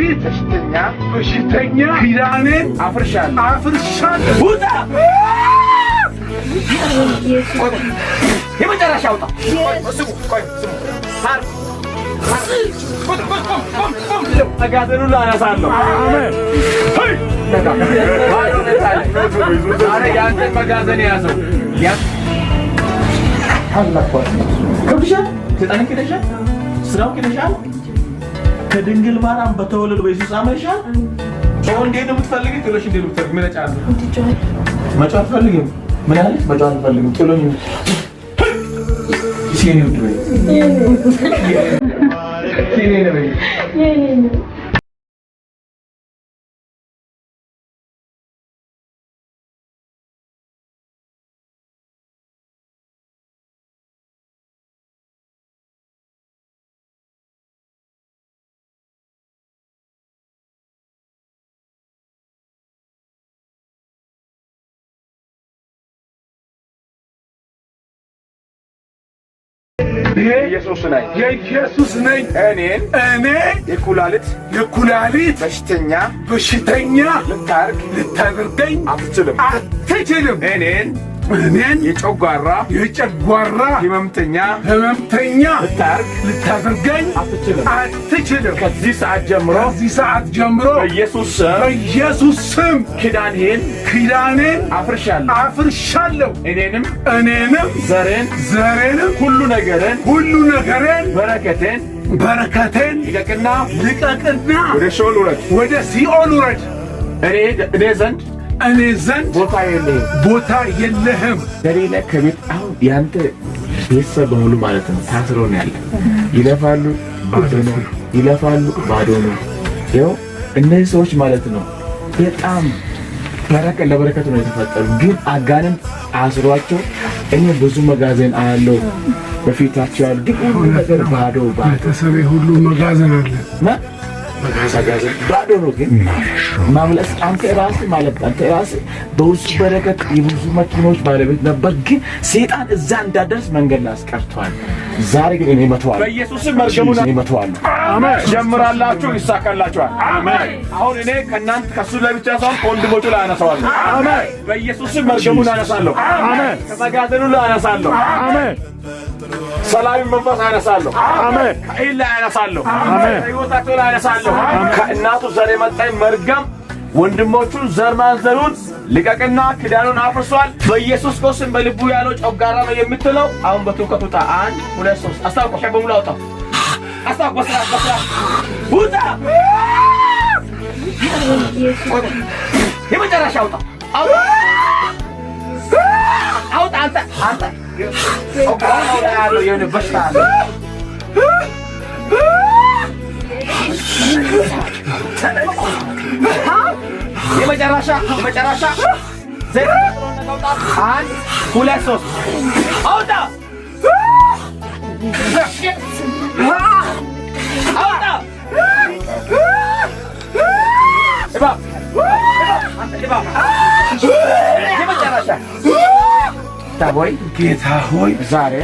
ቤት በሽተኛ በሽተኛ ኪዳኔን አፍርሻል አፍርሻል። ውጣ! የመጨረሻ ውጣ! ተጋዘኑን አነሳለሁ። መጋዘን የያዘው ከድንግል ማርያም በተወለደ በኢየሱስ አምነሻል። ሰው እንዴት ነው የምትፈልጊ? ጥሎሽ እንዴት ነው የምትፈልጊ? ምን እጫለሁ መጫወት አትፈልጊም? ምን አለች? መጫወት አትፈልጊም? ጥሎኝ ሲኔ ነው ኢየሱስ ነኝ የኢየሱስ ነኝ እኔን እኔ የኩላሊት የኩላሊት በሽተኛ በሽተኛ ልታርግ ልታደርገኝ አትችልም አትችልም እኔን እኔን የጨጓራ የጨጓራ ህመምተኛ ህመምተኛ ልታርግ ልታደርገኝ አትችልም አትችልም። ከዚህ ሰዓት ጀምሮ ከዚህ ሰዓት ጀምሮ በኢየሱስ ስም በኢየሱስ ስም ኪዳኔን ኪዳኔን አፍርሻለሁ አፍርሻለሁ። እኔንም እኔንም ዘሬን ዘሬንም ሁሉ ነገርን ሁሉ ነገርን በረከቴን በረከቴን ልቀቅና ልቀቅና ወደ ሲኦል ውረድ ወደ ሲኦል ውረድ እኔ እኔ ዘንድ እኔ ዘንድ ቦታ የለህም፣ ቦታ የለህም። ከሌለ ከቤት አሁን ያንተ ቤተሰብ በሙሉ ማለት ነው ታስሮ ነው ያለ። ይለፋሉ ባዶ ነው፣ ይለፋሉ ባዶ ነው። ይኸው እነዚህ ሰዎች ማለት ነው በጣም በረከ ለበረከት ነው የተፈጠሩ፣ ግን አጋንንት አስሯቸው። እኔ ብዙ መጋዘን አያለው በፊታቸው ያሉ ግን ነገር ባዶ ባዶ። ቤተሰቤ ሁሉ መጋዘን አለ መጋዘን ባዶ ነው። ግን ማምለስ አንተ ራስህ ማለት አንተ ራስህ በውስጡ በረከት የብዙ መኪኖች ባለቤት ነበር፣ ግን ሴጣን እዛ እንዳደርስ መንገድ ላስቀርቷል። ዛሬ ግን እኔ መተዋል፣ በኢየሱስም መርገሙን እኔ መተዋል። አሜን። ጀምራላችሁ ይሳካላችኋል። አሜን። አሁን እኔ ከእናንተ ከሱ ለብቻ ሳይሆን ከወንድሞቹ ላይ አነሳዋለሁ። አሜን። በኢየሱስም መርገሙን አነሳለሁ። አሜን። ከመጋዘኑ ላይ አነሳለሁ። አሜን። ሰላምን መንፈስ አነሳለሁ። አሜን። ከኢል ላይ አነሳለሁ። አሜን። ከህይወታቸው ላይ አነሳለሁ። ከእናቱ ዘር የመጣኝ መርገም ወንድሞቹን ዘር ማንዘሩን ልቀቅና ክዳኑን አፍርሷል። በኢየሱስ ክርስቶስ በልቡ ያለው ጨጓራ ነው የምትለው አሁን በትውከት ውጣ። አንድ ሁለት ሶስት አስታውቆ በሙሉ አውጣው። አስታውቆ በስራ በስራ ውጣ። የመጨረሻ አውጣ አውጣ አንተ አንተ Okay, gano'n na ano yun, basta. Di ba tiyara siya? Di ba tiyara siya? Zero na kautas. Han, kulesos. Auta! Auta! Iba! Iba! Di ba tiyara siya? ጌታ ሆይ ጌታ ሆይ ዛሬ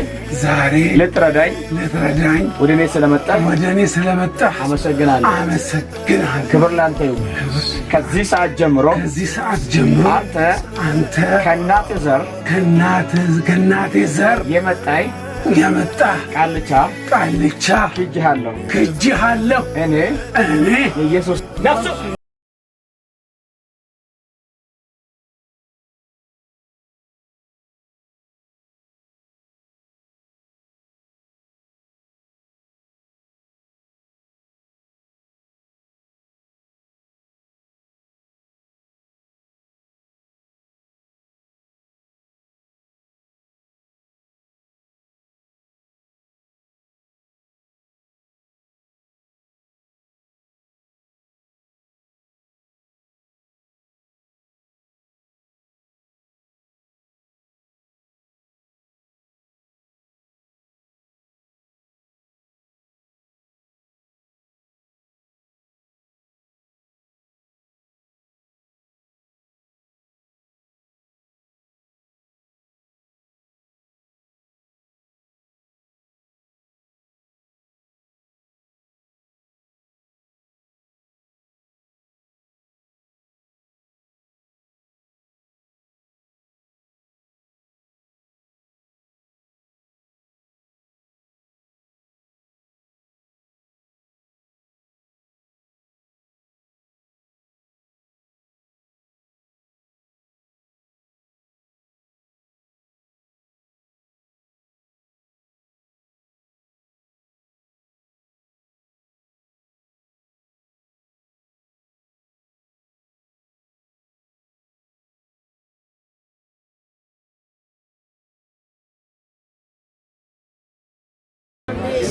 ዛሬ ልትረዳኝ ልትረዳኝ ወደ እኔ ስለመጣ ወደ እኔ ስለመጣ አመሰግናለሁ አመሰግናለሁ። ክብር ላንተ ይሁን። ከዚህ ሰዓት ጀምሮ ከዚህ ሰዓት ጀምሮ አንተ አንተ ከእናቴ ዘር ከእናቴ ዘር የመጣኝ የመጣ ቃልቻ ቃልቻ ክጅሃለሁ ክጅሃለሁ እኔ እኔ ኢየሱስ ነፍሱ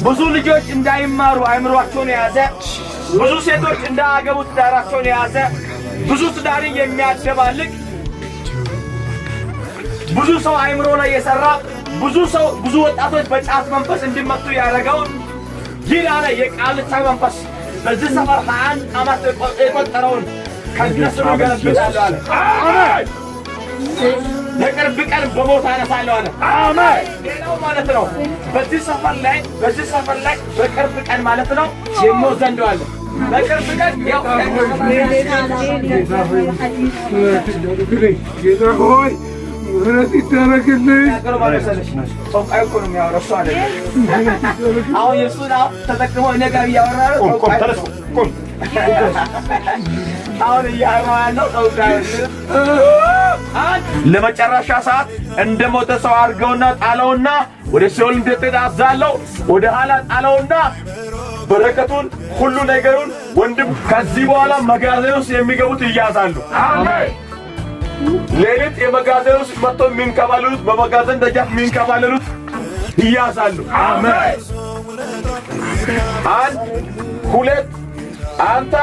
ብዙ ልጆች እንዳይማሩ አይምሯቸውን የያዘ ብዙ ሴቶች እንዳያገቡ ትዳራቸውን የያዘ ብዙ ትዳሪ የሚያደባልቅ ብዙ ሰው አይምሮ ላይ የሰራ ብዙ ሰው ብዙ ወጣቶች በጫት መንፈስ እንዲመቱ ያደረገውን ይህ ያለ የቃልቻ መንፈስ በዚህ ሰፈር ሀያን አመት የቆጠረውን ከነስሩ ገለብጣለሁ አለ። በቅርብ ቀን በሞት አነሳለሁ አለ። አሜን። ሌላው ማለት ነው በዚህ ሰፈር ላይ በዚህ ሰፈር ላይ በቅርብ ቀን ማለት ነው የሞት ዘንዶ አለ። በቅርብ ቀን ያው ጌታ ሆይ ምህረት ይደረግልኝ። ለመጨረሻ ሰዓት እንደ ሞተ ሰው አድርገውና ጣለውና ወደ ሲኦል እንደጥዳ አዛለው ወደ ኋላ ጣለውና በረከቱን ሁሉ ነገሩን ወንድም ከዚህ በኋላ መጋዘን ውስጥ የሚገቡት ይያዛሉ። አሜን። ሌሊት የመጋዘን ውስጥ መጥቶ የሚንከባለሉት በመጋዘን ደጃፍ የሚንከባለሉት እያዛሉ። አሜን። አንድ ሁለት አንተ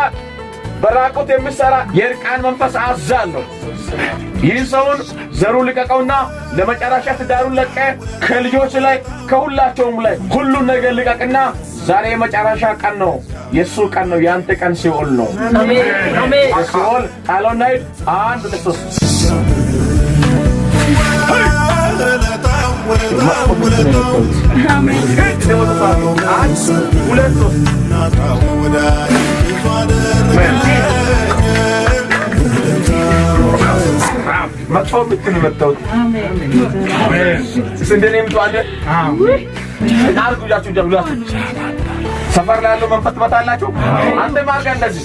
በራቁት የምሰራ የእርቃን መንፈስ አዛለሁ። ይህን ሰውን ዘሩ ልቀቀውና ለመጨረሻ ትዳሩን ለቀ ከልጆች ላይ ከሁላቸውም ላይ ሁሉን ነገር ልቀቅና ዛሬ የመጨረሻ ቀን ነው፣ የእሱ ቀን ነው፣ የአንተ ቀን ሲኦል ነው። ሲኦል ቃሎናይድ አንድ ለሶስት መጥፎ ብትን ሰፈር ላይ ያለው መንፈት ትመታላችሁ። አንተ ማርጋ እንደዚህ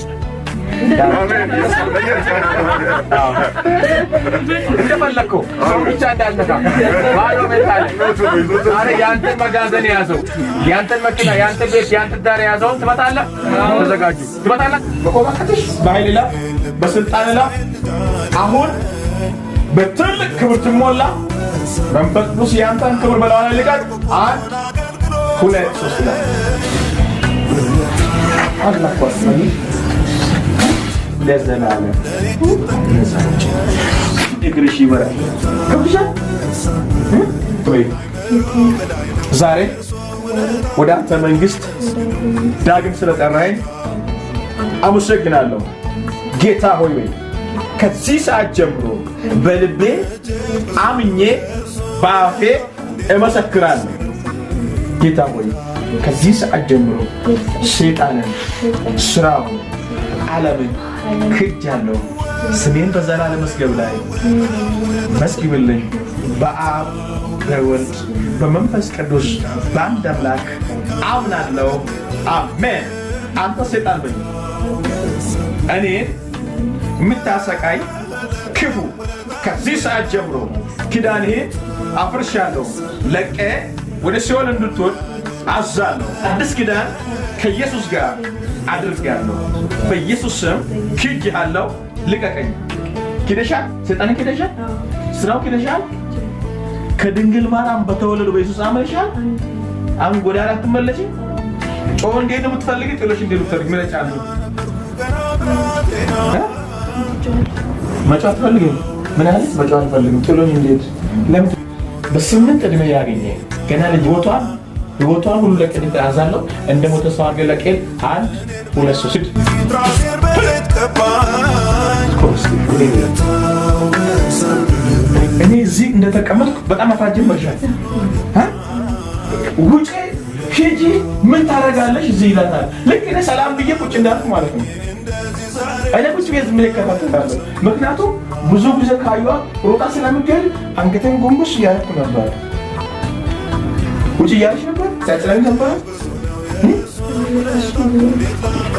እንደፈለግከው መጋዘን የያዘው የአንተን መኪና፣ አሁን በትልቅ ክብር ትሞላ መንፈስ ቅዱስ የአንተን ክብር በላዋን ልቀቅ። አንድ ሁለት ሶስት ለዘላለም እግርሽ ዛሬ ወደ አንተ መንግስት ዳግም ስለጠራኸኝ አመሰግናለሁ ጌታ ሆይ። ከዚህ ሰዓት ጀምሮ በልቤ አምኜ በአፌ እመሰክራለሁ ጌታ ሆይ። ከዚህ ሰዓት ጀምሮ ሰይጣንን፣ ስራውን፣ ዓለምን ክጃለሁ። ስሜን በዘላለም መዝገብ ላይ መዝግብልኝ። በአብ በወልድ በመንፈስ ቅዱስ በአንድ አምላክ አምናለሁ። አሜን። አንተ ሰይጣን በኝ እኔ የምታሰቃይ ክፉ ከዚህ ሰዓት ጀምሮ ኪዳንህ አፍርሻለሁ። ለቀ ወደ ሲኦል እንድትወድ አዛለሁ። አዲስ ኪዳን ከኢየሱስ ጋር አድርጋለሁ። በኢየሱስ ስም ክጅ አለው ልቀቀኝ። ክደሻል፣ ሰይጣን ክደሻል፣ ስራው ክደሻል፣ ከድንግል ማርያም በተወለዱ በኢየሱስ አመልሻል። አሁን ወደ ጎዳና አትመለሽ። ጮ እንዴት ነው የምትፈልጊ? ጥሎሽ እንዴት ነው የምትፈልጊ? ምረጫ አለ መጫ አትፈልግም። ምን አለ? መጫ አትፈልግም። ጥሎኝ እንዴት ለምን በስምንት እድሜ ያገኘ ገና ልጅ ቦቷል ህይወቷ ሁሉ ለቅን ተያዛለሁ እንደ ሞተ ሰው አድርገህ ለቅን አንድ ሁለት ሶስት እኔ እዚህ እንደተቀመጥኩ በጣም አፋጅን መሻል ውጭ ሂጂ ምን ታደርጋለሽ እዚህ ይላታል። ልክ እኔ ሰላም ብዬ ቁጭ እንዳልኩ ማለት ነው። እኔ ቁጭ ብዬ ምን ብዬ ምክንያቱም ብዙ ጊዜ ካዩዋ ሮጣ ስለምገል አንገተን ጎንበስ እያደረኩ ነበር። ውጭ እያልሽ ነበር? ሲያጭላኝ ነበር?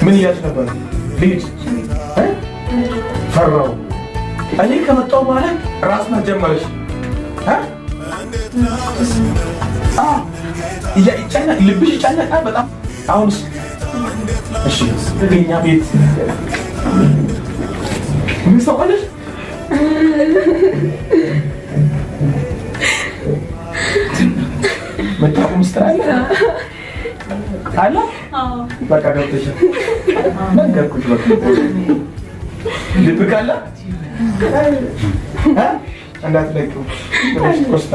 ምን እያልሽ ነበር? ልጅ ፈራው። እኔ ከመጣሁ ማለት ራስ መጀመርሽ ልብሽ ይጨነቃል በጣም አሁን እሺ፣ እኛ ቤት አለ በቃ ገብተሻል። ነገርኩሽ። በቃ እንዳትለቂው ውድ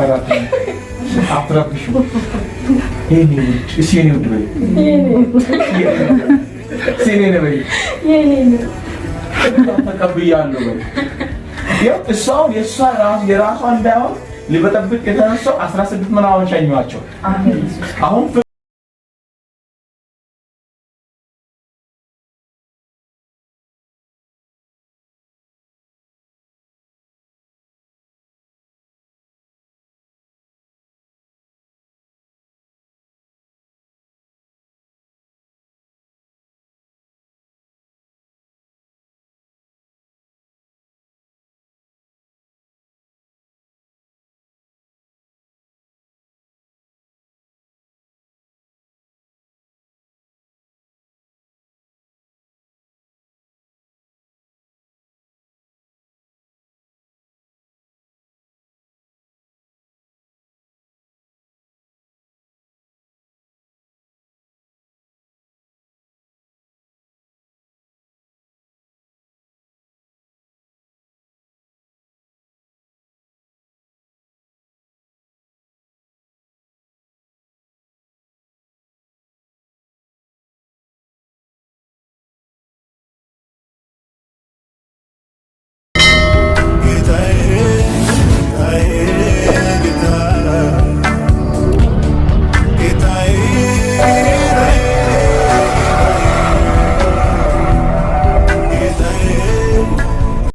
በይ፣ በይ፣ ተቀብያለሁ በይ። ያው እሷው የእሷ የራሷ እንዳይሆን ልበጠብቅ የተነሳው አስራ ስድስት ምናምን ሸኘኋቸው አሁን